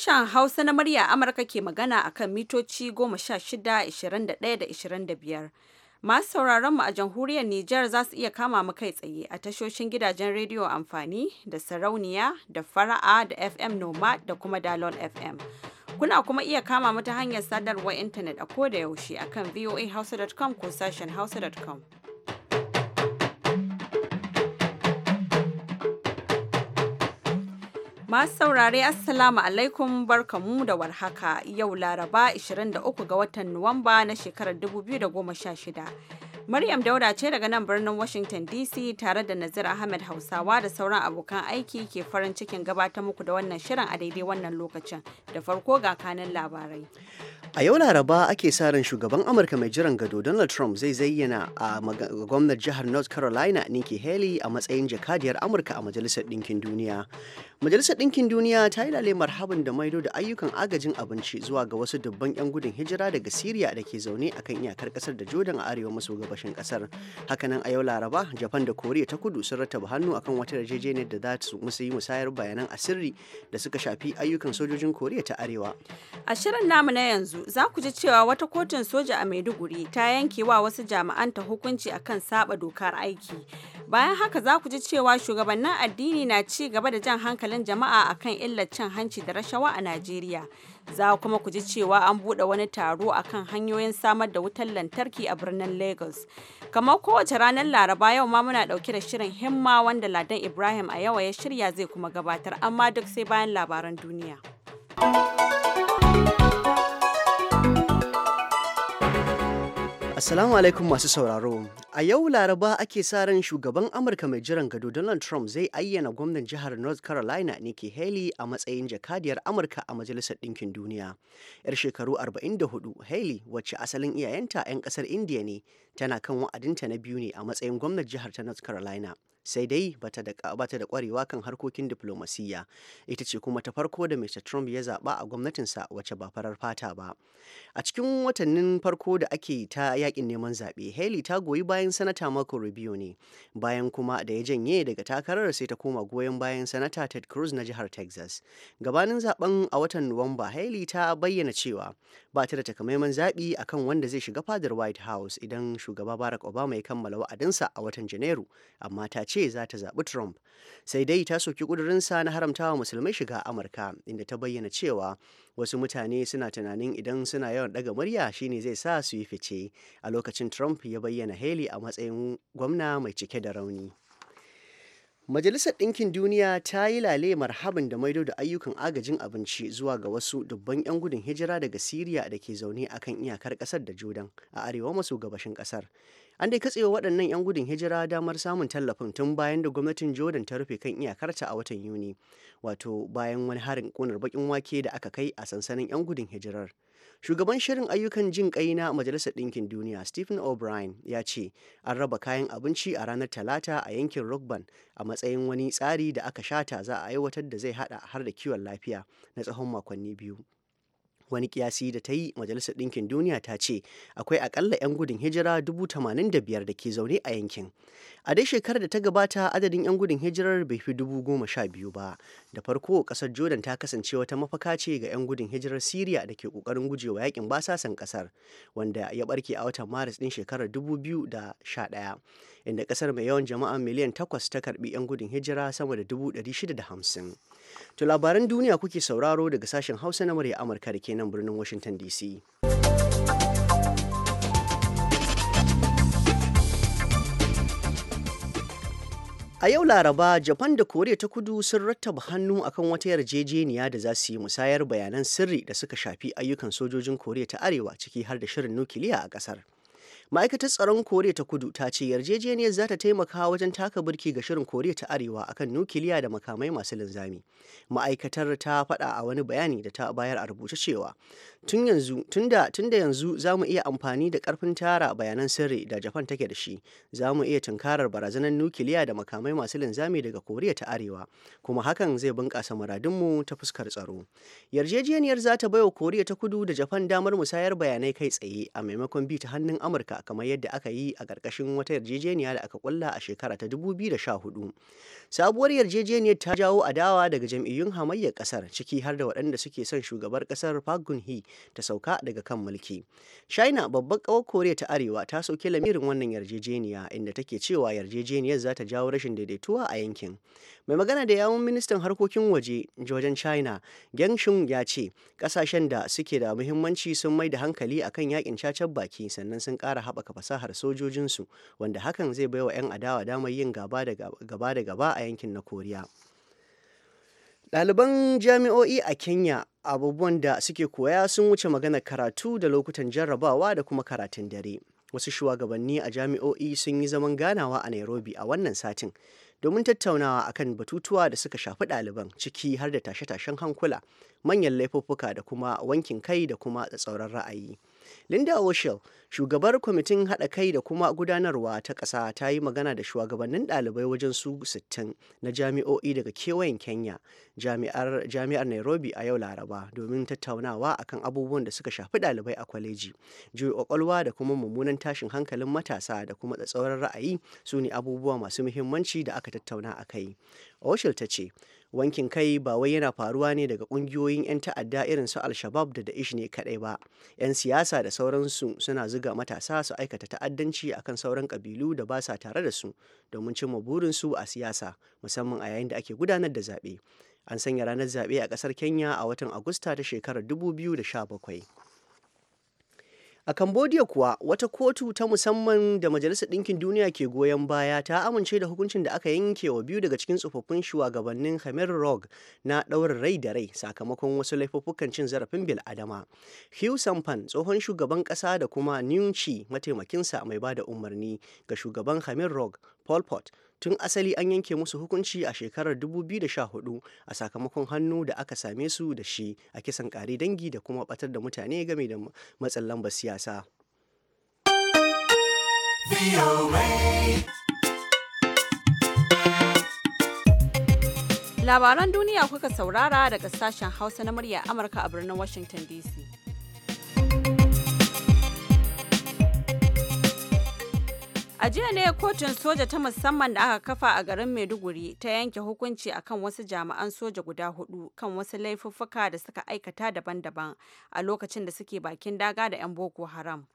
Sashen Hausa na murya Amurka ke magana a kan mitoci 16, 21 da 25. Masu sauraron mu a jamhuriyar Nijar za su iya kama mu kai tsaye a tashoshin gidajen rediyo amfani da sarauniya da fara'a da FM Noma da kuma Dalon FM. Kuna kuma iya kama mu ta hanyar sadarwar intanet a koda yaushe akan voahausa.com ko sashen hausa.com. Masu saurare Assalamu alaikum barkamu da warhaka yau Laraba 23 ga watan Nuwamba na shekarar 2016. Maryam Dauda ce daga nan birnin Washington DC tare da Nazir Ahmed Hausawa da sauran abokan aiki ke farin cikin gabatar muku da wannan shirin a daidai wannan lokacin. Da farko ga kanin labarai. A yau Laraba ake sa ran shugaban Amurka mai jiran gado Donald Trump zai zayyana a gwamnar jihar North Carolina Nikki Haley a matsayin jakadiyar Amurka a Majalisar Ɗinkin Duniya. Majalisar Ɗinkin Duniya ta yi lale marhaban da maido da ayyukan agajin abinci zuwa ga wasu dubban 'yan gudun hijira daga Siriya da ke zaune a kan iyakar ƙasar da Jordan a arewa maso gabashin gabashin kasar hakanan a yau laraba japan da koriya ta kudu sun rataba hannu akan wata yarjejeniyar da za su musu yi musayar bayanan asirri da suka shafi ayyukan sojojin koriya ta arewa a shirin namu na yanzu za ku ji cewa wata kotun soja a maiduguri ta yanke wa wasu jami'an ta hukunci akan saba dokar aiki bayan haka za ku ji cewa shugabannin addini na ci gaba da jan hankalin jama'a akan illar cin hanci da rashawa a najeriya Za kuma ku ji cewa an buɗe wani taro a kan hanyoyin samar da wutar lantarki a birnin Lagos. Kamar kowace ranar Laraba yau ma muna ɗauke da shirin himma wanda Ladan Ibrahim a yawa ya shirya zai kuma gabatar amma duk sai bayan labaran duniya. Assalamu alaikum masu sauraro. A yau Laraba ake sa ran shugaban Amurka mai jiran gado Donald Trump zai ayyana gwamnan jihar North Carolina Nikki Haley a matsayin jakadiyar Amurka a Majalisar Ɗinkin Duniya. 'Yar shekaru 44, Haley, wacce asalin iyayenta 'yan ƙasar india ne, tana kan wa'adinta na biyu ne a matsayin gwamnan jihar ta North Carolina. sai dai bata da bata da kwarewa kan harkokin diplomasiyya ita ce kuma ta farko da Mr Trump ya zaba a gwamnatinsa wacce ba farar fata ba a cikin watannin farko da ake ta yakin neman zabe Haley ta goyi bayan sanata Marco Rubio ne bayan kuma da ya janye daga takarar sai ta koma goyon bayan sanata Ted Cruz na jihar Texas gabanin zaben a watan Nuwamba Haley ta bayyana cewa ba ta da takamaiman zaɓi a kan wanda zai shiga fadar white house idan shugaba barack obama ya kammala wa'adinsa a watan janairu amma ta ce za ta zaɓi trump sai dai ta soki ƙudurinsa na haramtawa musulmai shiga amurka inda ta bayyana cewa wasu mutane suna tunanin idan suna yawan ɗaga murya shine zai sa su yi fice a lokacin trump ya bayyana haley a matsayin gwamna mai cike da rauni Majalisar Ɗinkin Duniya ta yi lale marhaban da maido da ayyukan agajin abinci zuwa ga wasu dubban 'yan gudun hijira daga Siriya da ke zaune a kan iyakar ƙasar da Jordan a arewa maso gabashin ƙasar. An dai katsewa waɗannan 'yan gudun hijira damar samun tallafin tun bayan da gwamnatin Jordan ta rufe kan iyakarta a watan Yuni, wato bayan wani harin ƙunar baƙin wake da aka kai a sansanin 'yan gudun hijirar. Shugaban shirin ayyukan jin kai na Majalisar Ɗinkin Duniya Stephen O'Brien ya ce an raba kayan abinci a ranar Talata a yankin Rockburn a matsayin wani tsari da aka shata za a aiwatar da zai hada har da kiwon lafiya na tsawon makonni biyu. wani kiyasi da ta yi majalisar ɗinkin duniya ta ce akwai akalla 'yan gudun hijira 85,000 da ke zaune a yankin a dai shekarar da ta gabata adadin 'yan gudun hijirar bai fi dubu goma sha biyu ba da farko kasar jordan ta kasance wata mafaka ce ga 'yan gudun hijirar syria da ke kokarin gujewa yakin basasan kasar wanda ya barke a watan maris ɗin shekarar biyu da sha 2011 inda kasar mai yawan jama'a miliyan takwas ta karbi 'yan gudun hijira sama da 650 To labaran duniya kuke sauraro daga sashen Hausa na murya Amurka da ke nan birnin Washington DC. A yau Laraba, Japan da Koriya ta Kudu sun rattaba hannu akan wata yarjejeniya da za su yi musayar bayanan sirri da suka shafi ayyukan sojojin Koriya ta Arewa ciki har da shirin nukiliya a ƙasar. ma'aikatar tsaron koriya ta kudu ta ce yarjejeniyar za ta taimaka wajen taka burki ga shirin koriya ta arewa akan nukiliya da makamai masu linzami ma'aikatar ta faɗa a wani bayani da ta bayar a rubuce cewa tun yanzu tunda tunda yanzu za mu iya amfani da karfin tara bayanan sirri da japan take da shi za mu iya tunkarar barazanar nukiliya da makamai masu linzami daga koriya ta arewa kuma hakan zai bunƙasa muradunmu ta fuskar tsaro yarjejeniyar za ta baiwa koriya ta kudu da japan damar musayar bayanai kai tsaye a maimakon bi ta hannun amurka kamar yadda aka yi a karkashin wata yarjejeniya da aka kulla a shekara ta 2014 sabuwar yarjejeniyar ta jawo adawa daga jam'iyyun hamayyar kasar ciki har da waɗanda suke son shugabar ƙasar park geun ta sauka daga kan mulki china babban kawar koriya ta arewa ta sauke lamirin wannan yarjejeniya inda take cewa yarjejeniyar za ta jawo rashin daidaituwa a yankin mai magana da yawun ministan harkokin waje wajen china geng shun ya ce kasashen da suke da muhimmanci sun mai da hankali akan yakin cacen baki sannan sun kara haɓaka fasahar sojojinsu wanda hakan zai bai wa 'yan adawa damar yin gaba da gaba a yankin na koriya Ɗaliban jami'o'i a Kenya abubuwan da suke koya sun wuce maganar karatu da lokutan jarrabawa da kuma karatun dare wasu shugabanni a jami'o'i sun yi zaman ganawa a nairobi a wannan satin domin tattaunawa akan batutuwa da suka shafi ɗaliban ciki har da tashe-tashen hankula manyan laifuffuka da kuma wankin kai da kuma tsatsauran ra'ayi Linda Oshel, shugabar kwamitin haɗa kai da kuma gudanarwa ta ƙasa ta yi magana da shugabannin ɗalibai wajen su 60 na jami'o'i daga kewayen Kenya, jami'ar, Nairobi a yau Laraba domin tattaunawa akan abubuwan da suka shafi ɗalibai a kwaleji. Juyi ƙwaƙwalwa da kuma mummunan tashin hankalin matasa da kuma tsatsauran ra'ayi su ne abubuwa masu muhimmanci da aka tattauna a kai. Oshel ta ce, wankin kai ba wai yana faruwa ne daga ƙungiyoyin 'yan ta'adda irin su al-shabab da da'ish ne kadai ba 'yan siyasa da sauransu suna zuga matasa su aikata ta'addanci a kan sauran kabilu da ba sa tare da su domin cimma burinsu a siyasa musamman a yayin da ake gudanar da zaɓe an sanya ranar zaɓe a ƙasar kenya a watan agusta ta shekarar 2017 A Cambodia kuwa wata kotu ta musamman da Majalisar Ɗinkin Duniya ke goyon baya ta amince da hukuncin da aka yanke wa biyu daga cikin tsofaffin shugabannin Khmer Rouge na ɗaurin rai da rai sakamakon wasu laifuffukan cin zarafin bil'adama. Hugh Sampan tsohon shugaban ƙasa da kuma Newt mataimakinsa mai ba da umarni ga shugaban Khmer Rouge Pol Pot tun asali an yanke musu hukunci a shekarar 2014 a sakamakon hannu da aka same su da shi a kisan kare dangi da kuma batar da mutane game da matsin lambar siyasa. Labaran duniya kuka saurara daga sashen Hausa na murya Amurka a birnin Washington DC. A jiya ne kotun soja ta musamman da aka kafa a garin Maiduguri ta yanke hukunci a kan wasu jami'an soja guda hudu kan wasu laifuffuka da suka aikata daban-daban a lokacin da suke bakin daga da 'yan Boko Haram.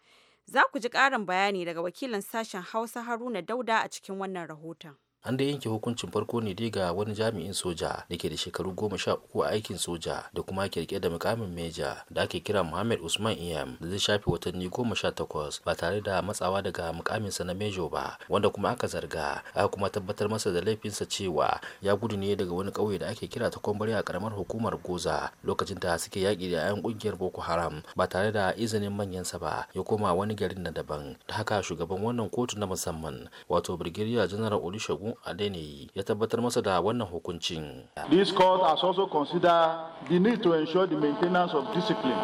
Za ku ji ƙarin bayani daga wakilin sashen Hausa Haruna Dauda a cikin wannan rahoton. an da yanke hukuncin farko ne dai ga wani jami'in soja da ke da shekaru goma sha uku a aikin soja da kuma kirke da mukamin meja da ake kira muhammed usman iyam da zai shafe watanni goma sha takwas ba tare da matsawa daga mukaminsa na mejo ba wanda kuma aka zarga aka kuma tabbatar masa da laifinsa cewa ya gudu ne daga wani ƙauye da ake kira ta kwambari a karamar hukumar goza lokacin da suke yaƙi da 'yan ƙungiyar boko haram ba tare da izinin manyansa ba ya koma wani garin na daban da haka shugaban wannan kotu na musamman wato brigadier general olusegun Adeni ya tabbatar masa da wannan hukuncin. This court has also considered the need to ensure the maintenance of discipline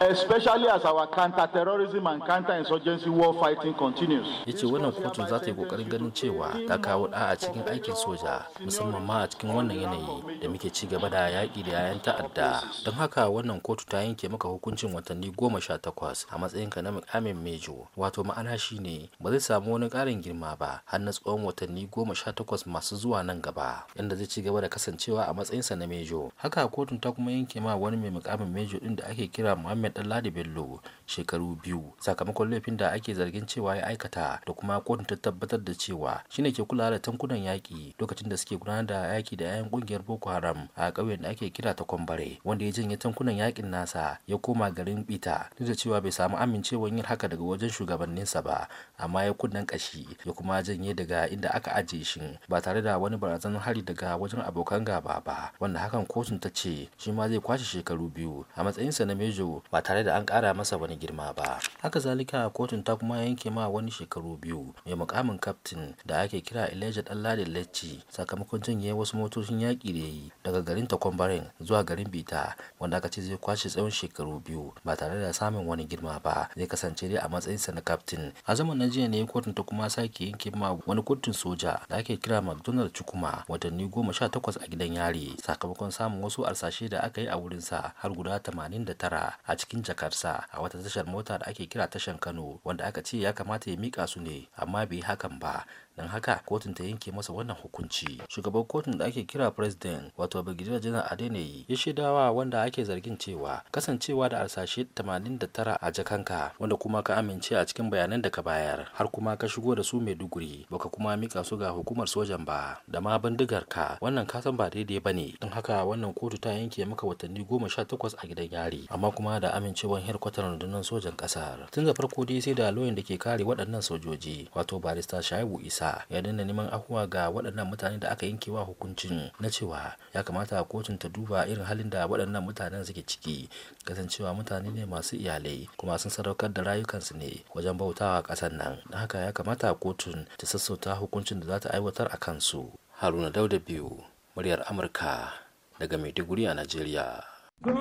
especially as our counter-terrorism and counter-insurgency war fighting continues. Ya ce wannan kotun za ta yi kokarin ganin cewa ta kawo a cikin aikin soja musamman ma a cikin wannan yanayi da muke ci gaba da yaƙi da yayan ta'adda. Don haka wannan kotu ta yanke maka hukuncin watanni goma sha takwas a matsayinka na mukamin mejo wato ma'ana shine ba zai samu wani ƙarin girma ba har na tsawon watanni goma sha takwas masu zuwa nan gaba inda zai ci gaba da kasancewa a matsayinsa na mejo haka kotun ta kuma yanke ma wani mai mukamin mejo din da ake kira muhammed ɗanladi bello shekaru biyu sakamakon laifin da ake zargin cewa ya aikata da kuma kotun ta tabbatar da cewa shine ke kula da tankunan yaƙi lokacin da suke gudanar da yaƙi da 'ya'yan ƙungiyar boko haram a ƙauyen da ake kira ta kwambare wanda ya janye tankunan yaƙin nasa ya koma garin bita duk da cewa bai samu amincewar yin haka daga wajen shugabanninsa ba amma ya kunnen kashi ya kuma janye daga inda aka ajiye shi ba tare da wani barazanar hari daga wajen abokan gaba ba wanda hakan kotun ta ce shi ma zai kwashe shekaru biyu a matsayinsa na mejo ba tare da an ƙara masa wani wani girma ba haka zalika kotun ta kuma yanke ma wani shekaru biyu mai mukamin kaftin da ake kira elijah ɗanladi lecce sakamakon janye wasu motocin yaƙi da yi daga garin takwambarin zuwa garin bita wanda aka ce zai kwashe tsawon shekaru biyu ba tare da samun wani girma ba zai kasance dai a matsayin sa na kaftin a zaman na jiya ne kotun ta kuma sake yanke ma wani kotun soja da ake kira mcdonald chukuma watanni goma sha takwas a gidan yari sakamakon samun wasu arsashe da aka yi a wurinsa har guda tamanin da tara a cikin jakarsa a wata tashar mota da ake kira tashan Kano wanda aka ce ya kamata ya mika su ne amma bai hakan ba dan haka kotun ta yanke masa wannan hukunci shugaban kotun da ake kira president wato brigadier general adeniyi ya shaidawa wanda ake zargin cewa kasancewa da arsashe 89 a jakanka wanda kuma ka amince a cikin bayanan da ka bayar har kuma ka shigo da su mai duguri baka kuma mika su ga hukumar sojan ba da ma bindigar ka wannan ka san ba daidai ba ne don haka wannan kotu ta yanke maka watanni goma sha takwas a gidan yari amma kuma da amincewar herkwatar rundunar sojan kasar tun da farko dai sai da loyin da ke kare waɗannan sojoji wato barista shaibu isa kansa ya dinda neman afuwa ga waɗannan mutane da aka yanke wa hukuncin na cewa ya kamata kotun ta duba irin halin da waɗannan mutanen suke ciki kasancewa mutane ne masu iyalai kuma sun sadaukar da rayukansu ne wajen bautawa ƙasar nan don haka ya kamata kotun ta sassauta hukuncin da za ta aiwatar a kansu haruna dauda biyu muryar amurka daga maiduguri a najeriya To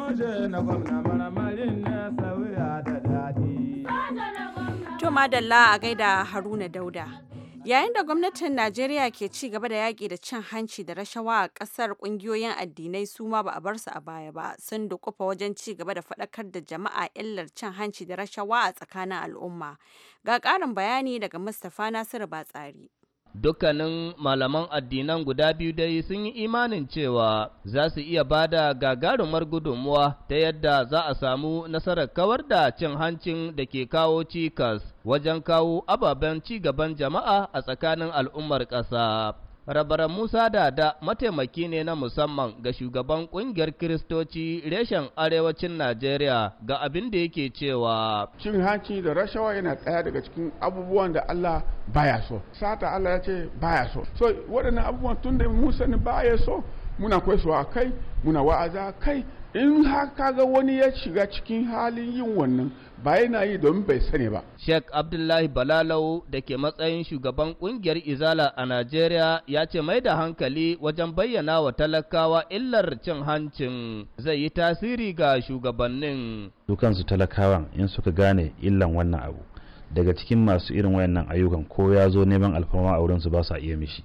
madalla a gaida Haruna Dauda. Yayin da gwamnatin Najeriya ke ci gaba da yaƙi da cin hanci da rashawa a ƙasar ƙungiyoyin addinai su ma ba a bar su a baya ba, sun dukufa wajen ci gaba da faɗakar da jama'a illar cin hanci da rashawa a tsakanin al'umma. Ga ƙarin bayani daga Mustapha Nasiru Batsari. Dukkanin malaman addinan guda biyu dai sun yi imanin cewa za su iya ba da gagarumar gudunmuwa ta yadda za a samu nasarar kawar da cin hancin da ke kawo cikas wajen kawo ababen ci gaban jama'a a tsakanin al'ummar ƙasa. Rabaran Musa Dada mataimaki ne na musamman ga shugaban kungiyar Kiristoci reshen arewacin Najeriya ga abin da yake cewa. Cin hanci da rashawa yana ɗaya daga cikin abubuwan da Allah baya so. Sata Allah ya ce baya so. So waɗannan abubuwan tun da Musa ne baya so muna kwaisuwa kai muna wa'aza kai in har ga wani ya shiga cikin halin yin wannan ba yana yi don bai sani ba. Sheikh Abdullahi Balalau da ke matsayin shugaban kungiyar Izala a Najeriya ya ce mai da hankali wajen bayyana wa talakawa illar cin hancin zai yi tasiri ga shugabannin. Dukansu talakawan in suka gane illan wannan abu daga cikin masu irin wayannan ayyukan ko ya zo neman alfarma a wurinsu ba sa iya mishi.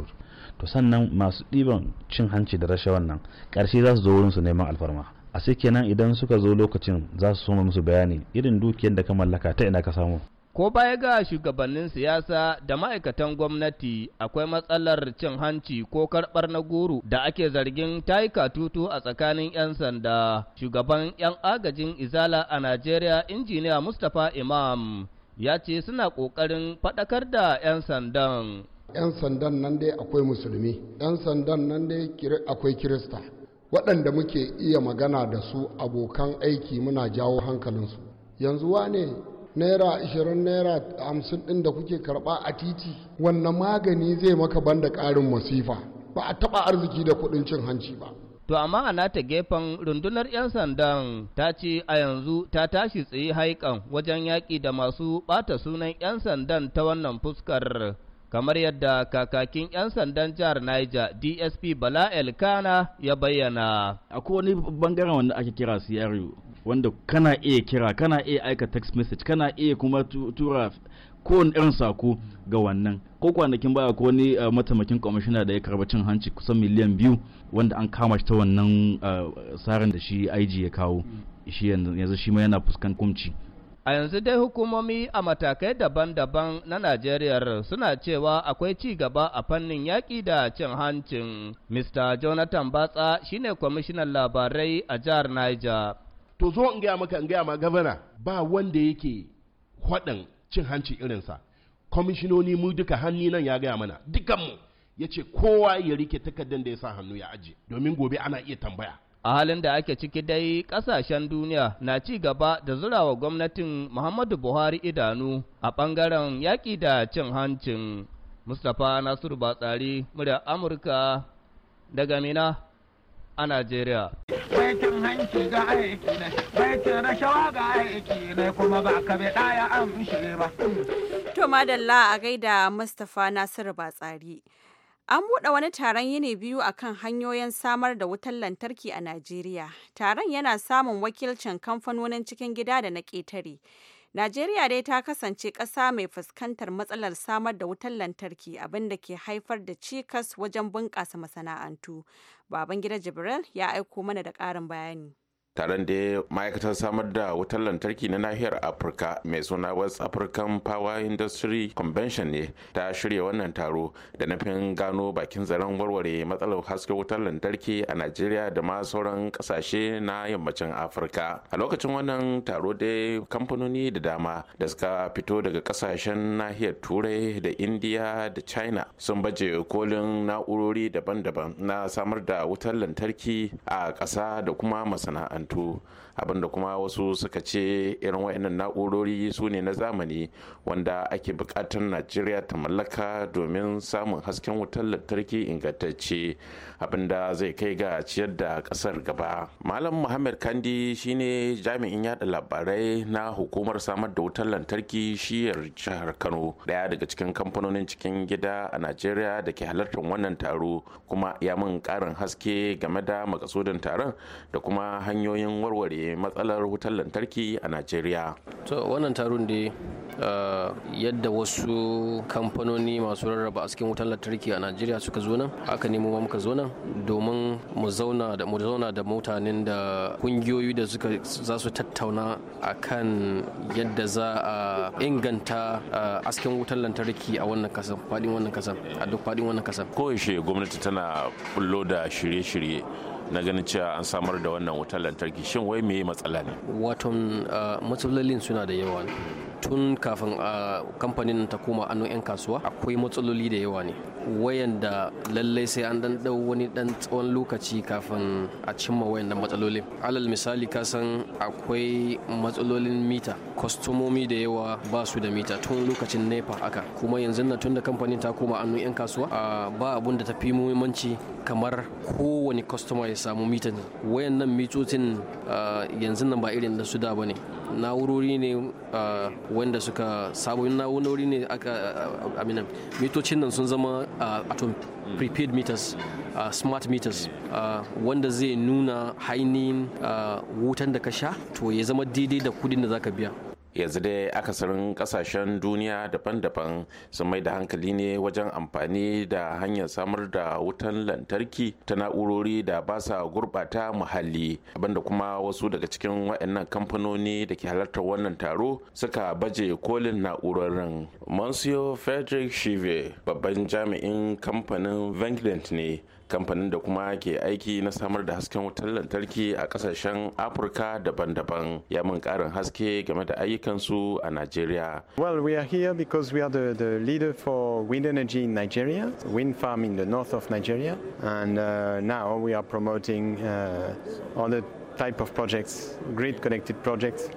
To sannan masu ɗiban cin hanci da rashawan nan ƙarshe za su zo wurinsu neman alfarma. a sai kenan idan suka zo lokacin za su soma musu bayani irin dukiyar da ka mallaka ta ina ka samu ko baya ga shugabannin siyasa da ma'aikatan gwamnati akwai matsalar cin hanci ko karɓar na goro da ake zargin ta yi katutu a tsakanin 'yan sanda shugaban 'yan agajin izala a najeriya injiniya mustapha imam ya ce suna ƙoƙarin faɗakar da 'yan sandan 'yan sandan nan dai akwai musulmi 'yan sandan nan dai akwai kirista waɗanda muke iya magana da su abokan aiki muna jawo hankalinsu yanzu wane naira 20 naira hamsin ɗin da kuke karɓa a titi wannan magani zai maka banda ƙarin masifa ba a taɓa arziki da kuɗin cin hanci ba To amma a nata gefen rundunar 'yan sandan ta ce a yanzu ta tashi tsaye haikan wajen yaƙi da masu ɓata sunan 'yan sandan ta wannan fuskar kamar yadda kakakin 'yan sandan jihar Niger DSP Bala Elkana ya bayyana. Akwai wani bangaren wanda ake kira CRU wanda kana iya kira kana iya aika text message kana iya kuma tura kowane irin sako ga wannan ko kwanakin baya ko wani eh, mataimakin kwamishina da ya karba cin hanci kusan miliyan biyu wanda an kama shi ta wannan eh, tsarin da shi IG ya kawo mm. shi yanzu shi ma yana fuskan kumci A yanzu dai hukumomi a matakai daban-daban na Najeriya suna cewa akwai ci gaba a fannin yaƙi da cin hancin. Mr. Jonathan Batsa shine kwamishinan labarai a jihar Niger. To zo in gaya maka in gaya ma gavana ba wanda yake hwaɗin cin hanci irinsa. Kwamishinoni mu duka hannu nan ya gaya mana dukanmu ya ce kowa ya rike takardar da ya sa hannu ya aje domin gobe ana iya tambaya. a halin da ake ciki dai kasashen duniya na ci gaba da zurawa gwamnatin muhammadu buhari idanu a ɓangaren yaƙi da cin hancin mustapha nasiru batsari murya amurka daga mina a najeriya baitin hanci ga aiki ne baitin rashawa ga aiki ne kuma ba ka bai ɗaya amshe ba to madalla a gaida mustapha nasiru batsari An buɗe wani taron yini biyu a kan hanyoyin samar da wutar lantarki a Najeriya. Taron yana samun wakilcin kamfanonin cikin gida da na ƙetare. Najeriya dai ta kasance ƙasa mai fuskantar matsalar samar da wutar lantarki abinda ke haifar da cikas wajen bunƙasa masana'antu. Babangida Jibril ya aiko mana da ƙarin bayani. taron da ma'aikatar samar da wutar lantarki na nahiyar afirka mai suna west african power industry convention ne ta shirya wannan taro da nufin gano bakin zaren warware matsalar hasken wutar lantarki a najeriya da ma sauran kasashe na yammacin afirka a lokacin wannan taro dai kamfanoni da dama da suka fito daga kasashen nahiyar turai da indiya da china sun baje kolin na'urori daban-daban na samar da wutar lantarki a ƙasa da kuma masana'antu. to abinda kuma wasu suka ce irin wayannan na'urori su ne na zamani wanda ake bukatar najeriya ta mallaka domin samun hasken wutar lantarki ingantacce abinda zai kai ga ciyar da kasar gaba malam muhammad kandi shine jami'in yada labarai na hukumar samar da wutar lantarki shiyar jihar kano daya daga cikin kamfanonin cikin gida a najeriya da ke halartar wannan taro kuma ya min karin haske game da makasudin taron da kuma hanyoyin warware Mai matsalar wutar lantarki a najeriya to wannan taron da uh, yadda wasu kamfanoni masu rarraba askin wutar lantarki a najeriya suka zo nan aka nemo ma muka zo nan domin mu zauna da mu zauna da mutanen da kungiyoyi da suka za su tattauna akan yadda za a inganta uh, askin wutar lantarki a wannan kasan fadin wannan kasan a duk fadin wannan kasan koyaushe gwamnati tana bullo da shirye-shirye na ganin cewa an samar da wannan wutar lantarki shin wai me matsala ne wato matsalolin suna da yawa tun kafin a kamfanin ta koma annon 'yan kasuwa akwai matsaloli da yawa ne wayanda lallai sai an dan dau wani dan tsawon lokaci kafin a cimma da matsalolin alal misali ka san akwai matsalolin mita kwastomomi da yawa ba su da mita tun lokacin nepa aka kuma yanzu na tun da kamfanin ta koma annon 'yan kasuwa ba abun da ta fi muhimmanci kamar kowane customer samu mitan wayannan mitocin yanzu nan ba irin da su da bane na'urori ne wanda suka sabon na'urori ne aka aminan mitocin nan sun zama atom prepaid meters smart meters wanda zai nuna hainihin wutan da ka sha to ya zama daidai da kudin da zaka biya yanzu dai akasarin kasashen duniya daban-daban sun mai da hankali ne wajen amfani da hanyar samar da wutan lantarki ta na'urori da ba sa gurbata muhalli abinda kuma wasu daga cikin waɗannan kamfanoni da ke halartar wannan taro suka baje kolin na'urorin monsieur frederick shive babban jami'in kamfanin vengland ne kamfanin da kuma ke aiki na samar da hasken wutar lantarki a kasashen afirka daban-daban ya mun karin haske game da ayyukansu a nigeria well we are here because we are the, the leader for wind energy in nigeria wind farm in the north of nigeria and uh, now we are promoting uh, other type of projects grid connected projects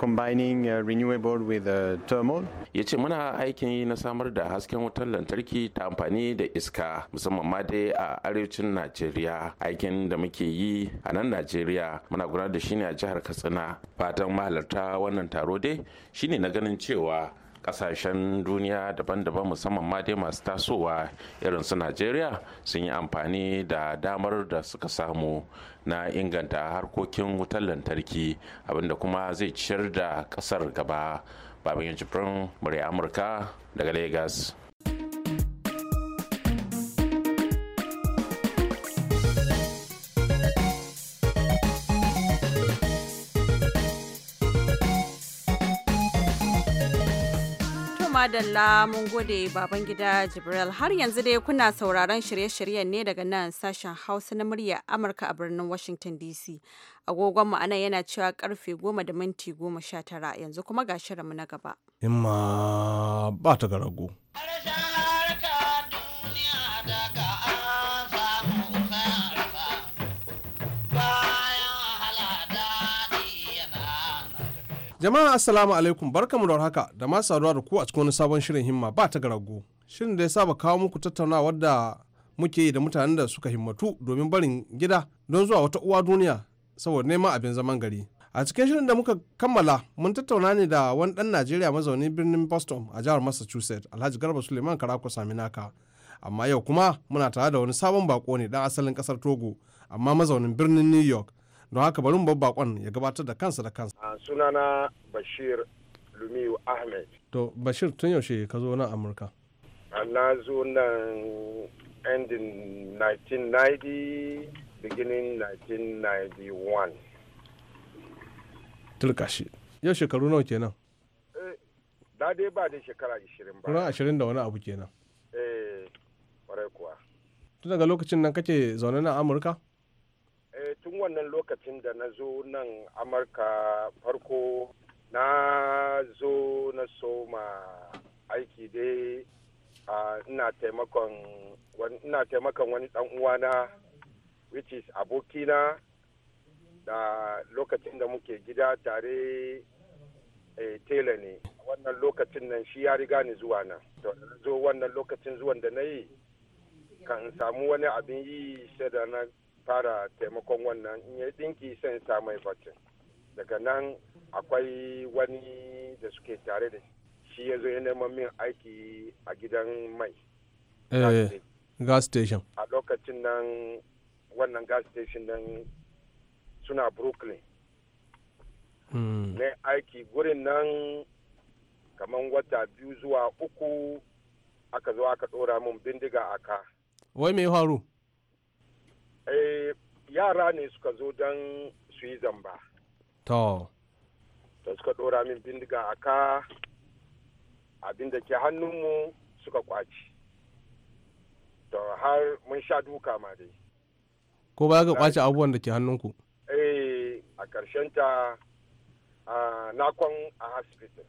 combining uh, renewable with uh, thermal. Ya ce muna aikin yi na samar da hasken wutar lantarki ta amfani da iska musamman ma dai a arewacin Najeriya aikin da muke yi a nan Najeriya muna gudanar da shi ne a jihar Katsina fatan mahalarta wannan taro dai shine na ganin cewa kasashen duniya daban-daban musamman ma dai masu tasowa irin su najeriya sun yi amfani da damar da suka samu na inganta harkokin wutar lantarki abinda kuma zai ciyar da kasar gaba babin jibrin murya amurka daga lagos madalla mun gode baban gida Jibril har yanzu dai kuna sauraron shirye-shiryen ne daga nan sashen Hausa na murya Amurka a birnin Washington DC. Agogon mu anan yana cewa karfe goma da minti goma sha tara yanzu kuma ga shirinmu na gaba. Imma ba ta garago. Jama'a Assalamu alaikum barkamu da haka da ma saduwa da ku a cikin wani sabon shirin himma ba ta garago. Shirin da ya saba kawo muku tattauna wadda muke yi da mutanen da suka himmatu domin barin gida don zuwa wata uwa duniya saboda neman abin zaman gari. A cikin shirin da muka kammala mun tattauna ne da wani dan Najeriya mazauni birnin Boston a jihar Massachusetts Alhaji Garba Suleiman Karako Saminaka. Amma yau kuma muna tare da wani sabon bako ne dan asalin kasar Togo amma mazaunin birnin New York don haka bari mu bakon ya gabatar da kansa da kansa sunana bashir lumiyu ahmed to bashir tun yaushe ka zo nan amurka na zo nan ending 1990 beginning 1991 shi yau shekaru nawa kenan da eh, dai ba da shekara 20 ba ran 20 da wani abu kenan eh kwarai kuwa tun daga lokacin nan kake zaune na amurka tun wannan lokacin da na zo nan amurka farko na zo na soma aiki dai ina taimakon wani dan uwana which is abokina da lokacin da muke gida tare e, tela ne wannan lokacin nan shi ya riga ni zuwa nan to zo wannan lokacin zuwan da na yi kan samu wani abin yi sai da na fara taimakon wannan in ya dinki sai ya mai vaccine daga nan akwai wani da suke tare da shi ya zo ya neman min aiki a gidan mai eh, eh, gas station a lokacin nan wannan gas station nan suna brooklyn hmm. ne aiki gurin nan kamar wata biyu zuwa uku aka zo aka ɗora min bindiga a ka wai mai faru Eh, yara ne suka zo don su yi zamba to da suka ɗora min bindiga a ka abin da ke hannunmu suka kwaci to har mun sha duka ma dai ko ba ga kwaci abubuwan da ke hannunku eh a ƙarshen ta na kwan a hospital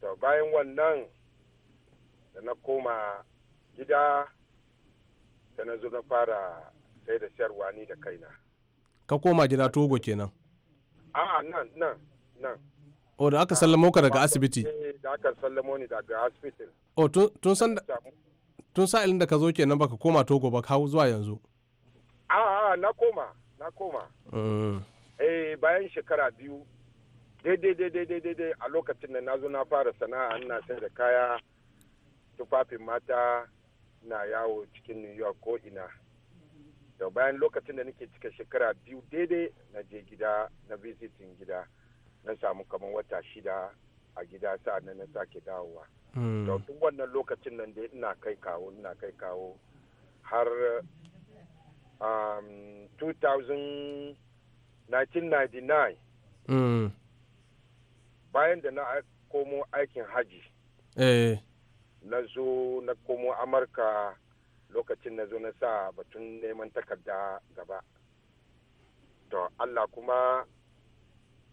to bayan wannan da na koma gida da na zo na fara sai da sharwa ni da kaina ka koma gida togo kenan A nan nan nan o da aka sallamo ka daga asibiti eh, da aka sallamo ni daga asibiti. o tun san tun sa'ilin da ka zo kenan baka koma togo ba kawo zuwa yanzu A na koma na koma mm. eh bayan shekara biyu daidai daidai daidai a lokacin da na zo na fara sana'a ina sai da kaya tufafin mata na yawo cikin new york ko ina da bayan lokacin da nake cika shekara biyu daidai na je gida na visitin gida na samu kamar wata shida a gida sa'annan na sake dawowa hmm. to duk wannan lokacin nan da ina kai kawo ina kai kawo har um, 1999 hmm. bayan da na komo aikin haji eh. na zo na komo amurka lokacin na zo na sa batun neman takarda gaba to allah kuma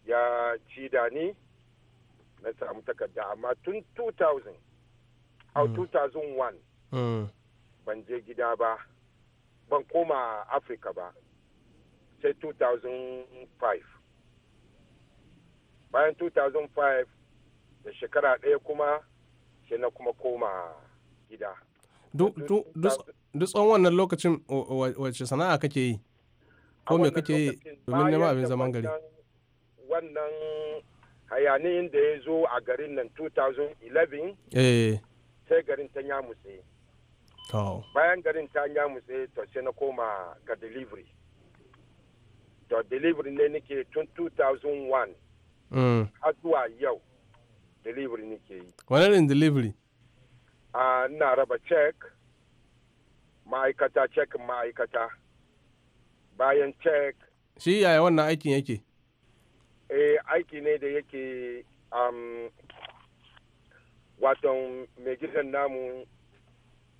ya ci da ni na samu takarda amma tun 2000 au 2001 ban je gida ba ban koma afirka ba sai 2005 bayan 2005 da shekara ɗaya kuma sai na kuma koma gida duk tsawon wannan lokacin wacce sana'a kake yi ko me kake yi domin neman abin zaman gari wannan hayaniyin da ya zo a garin nan 2011 eh. sai garin ta yamutse bayan garin ta mutse to sai na koma ga delivery to delivery ne nake tun 2001 mm. har zuwa yau delivery nake yi wani delivery ina raba cek ma'aikata cek ma'aikata bayan cek shi yaya wannan aikin yake eh aiki ne da yake um, waton mai gidan namu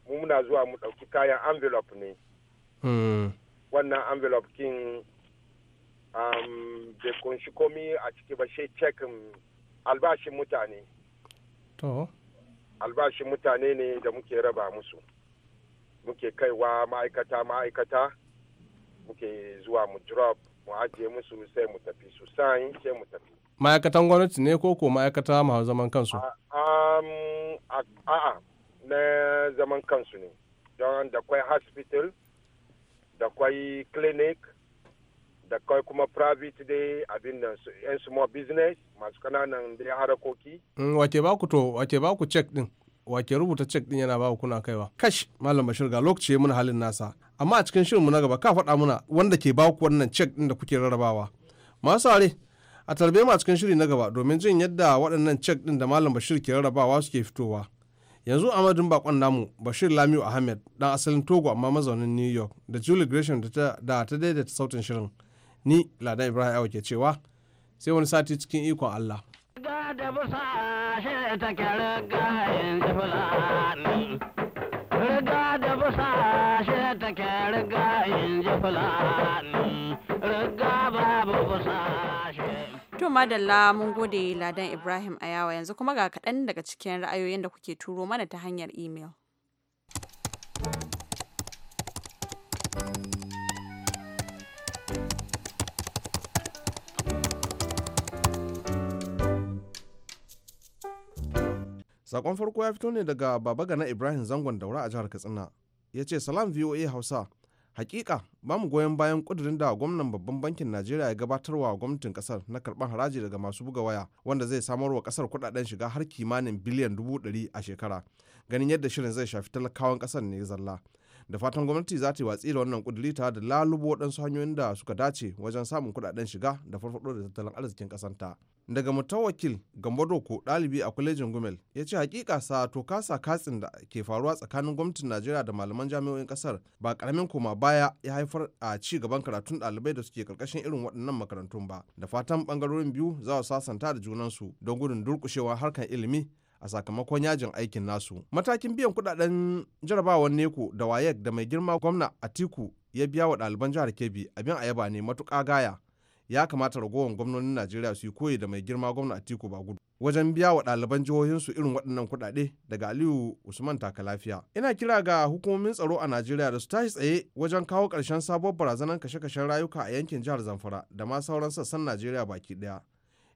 muna zuwa mu ɗauki kayan envelope ne hmm. wannan envelope kin um, bai kunshi komi a ciki ba shi cekin albashin mutane to albashin mutane ne da muke raba musu muke kaiwa ma'aikata ma'aikata muke zuwa mu drop mu ajiye musu sai mu tafi su sai sai mu tafi ma'aikatan gwamnati ne ko ko ma'aikata ma zaman kansu um, a'a na zaman kansu ne don da kwai hospital da kwai clinic da kai kuma private dai abin nan yan small business masu kananan dai harakoki. Mm, wace ba ku to wace ba ku check din wake rubuta cek din yana ba kuna kaiwa kash malam bashir ga lokaci mun halin nasa amma a cikin shirin mu na gaba ka faɗa muna wanda ke baku wannan cek din da kuke rarrabawa masu are a tarbe mu a cikin shiri na gaba domin jin yadda waɗannan cek din da malam bashir ke rarrabawa suke fitowa yanzu amadin bakon namu bashir lamiu ahmed dan asalin togo amma mazaunin new york da julie gresham da ta daidaita sautin shirin ni ladan ibrahim awa ke cewa sai wani sati cikin ikon allah da riga da busa shi ta riga in ji fulani riga babu busa To madalla mun gode Ladan Ibrahim Ayawa yanzu kuma ga kaɗan daga cikin ra'ayoyin da kuke turo mana ta hanyar imel. sakon farko ya fito ne daga baba gana ibrahim zangon daura a jihar katsina ya ce salam voa hausa hakika ba mu goyon bayan kudurin da gwamnan babban bankin najeriya ya gabatarwa gwamnatin kasar na karban haraji daga masu buga waya wanda zai samar wa kasar kudaden shiga har kimanin biliyan dubu ɗari a shekara ganin yadda shirin zai shafi talakawan kasar ne zalla da fatan gwamnati za ta yi watsi da wannan kuduri ta da lalubo waɗansu hanyoyin da suka dace wajen samun kuɗaɗen shiga da farfaɗo da tattalin arzikin ƙasanta daga mutawakil ko ɗalibi a kwalejin gumel ya ce hakika sa to kasa katsin da ke faruwa tsakanin gwamnatin najeriya da malaman jami'o'in kasar ba karamin koma baya ya haifar a ci gaban karatun ɗalibai da suke karkashin irin waɗannan makarantun ba da fatan ɓangarorin biyu za su sasanta da junansu don gudun durƙushewar harkar ilimi a sakamakon yajin aikin nasu matakin biyan kudaden jarabawar neko da wayek da mai girma gwamna atiku ya biya wa ɗaliban jihar kebbi abin ayaba ne matuƙa gaya ya kamata ragowar gwamnonin najeriya su yi koyi da mai girma gwamna atiku ba gudu wajen biya wa ɗaliban su irin waɗannan kuɗaɗe daga aliyu usman taka lafiya ina kira ga hukumomin tsaro a najeriya da su tashi tsaye wajen kawo ƙarshen sabuwar barazanar kashe-kashen rayuka a yankin jihar zamfara da ma sauran sassan najeriya baki ɗaya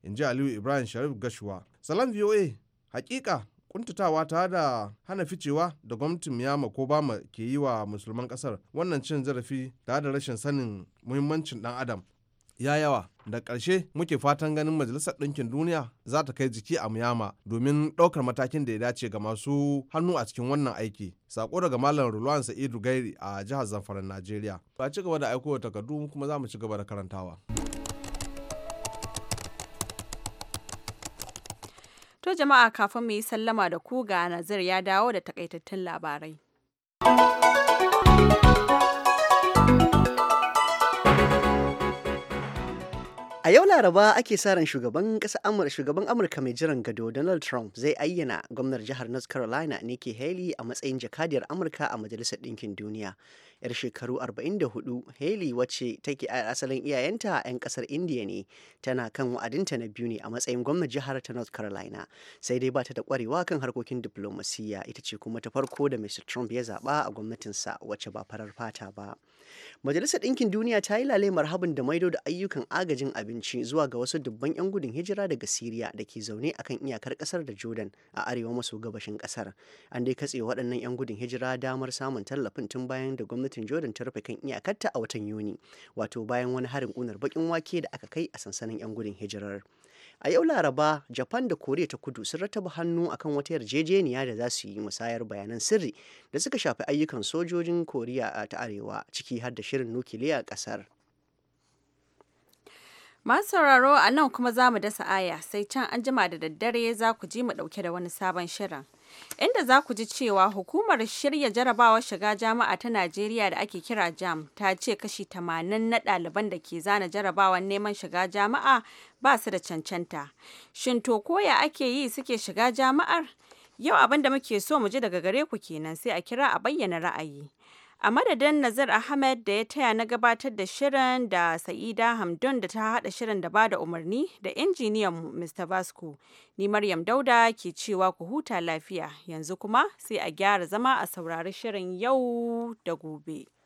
in ji aliyu ibrahim sharif gashuwa salam voa hakika kuntatawa ta da hana ficewa da gwamnatin miyama ko bama ke yi wa musulman kasar wannan cin zarafi da da rashin sanin muhimmancin dan adam ya yawa da karshe muke fatan ganin majalisar ɗinkin duniya za ta kai jiki a miyama domin ɗaukar matakin da ya dace ga masu hannu a cikin wannan aiki sako daga malam rulwan sa'idu gairi a jihar zamfara najeriya ba ci gaba da aiko takardu kuma za mu ci gaba da karantawa. To jama'a kafin mu yi sallama da ku ga Nazir ya dawo da takaitattun labarai. A yau Laraba ake sa ran shugaban amurka shugaban Amurka mai jiran gado Donald Trump zai ayyana gwamnar jihar North Carolina Nikki Haley a matsayin jakadiyar Amurka a Majalisar Ɗinkin Duniya. 'yar shekaru 44 haley wacce take asalin iyayenta 'yan kasar indiya ne tana kan wa'adinta na biyu ne a matsayin gwamnan jihar ta north carolina sai dai ba ta da kwarewa kan harkokin diplomasiya ita ce kuma ta farko da mr trump ya zaba a gwamnatinsa wacce ba farar fata ba Majalisar Ɗinkin Duniya ta yi lale marhabin da maido da ayyukan agajin abinci zuwa ga wasu dubban 'yan gudun hijira daga Siriya da ke zaune akan iyakar ƙasar da Jordan a arewa maso gabashin ƙasar. An dai katse waɗannan 'yan gudun hijira damar samun tallafin tun bayan da gwamnatin Jordan ta rufe kan iyakarta a watan Yuni, wato bayan wani harin ƙunar baƙin wake da aka kai a sansanin 'yan gudun hijirar. a yau laraba japan da koriya ta kudu sun rataba hannu akan wata yarjejeniya da za su yi musayar bayanan sirri da suka shafi ayyukan sojojin koriya ta arewa ciki har da shirin nukiliya a kasar Masu sauraro a nan kuma za mu dasa aya sai can an jima da daddare za ku ji mu ɗauke da wani sabon shirin. inda za ku ji cewa hukumar shirya jarabawar shiga jama'a ta Najeriya da ake kira JAM ta ce kashi 80 na ɗaliban da ke zana jarabawar neman shiga jama'a ba su da cancanta. Shin to koya ake yi suke shiga jama'ar? Yau abin da muke so mu ji daga gare ku kenan sai a kira a bayyana ra'ayi. a madadin Nazir Ahmed da ya taya na gabatar da shirin da Sa'ida Hamdun da ta haɗa shirin da bada umarni da injiniyan Mr. Vasco. Ni Maryam Dauda ke cewa ku huta lafiya yanzu kuma sai a gyara zama a saurari shirin yau da gobe.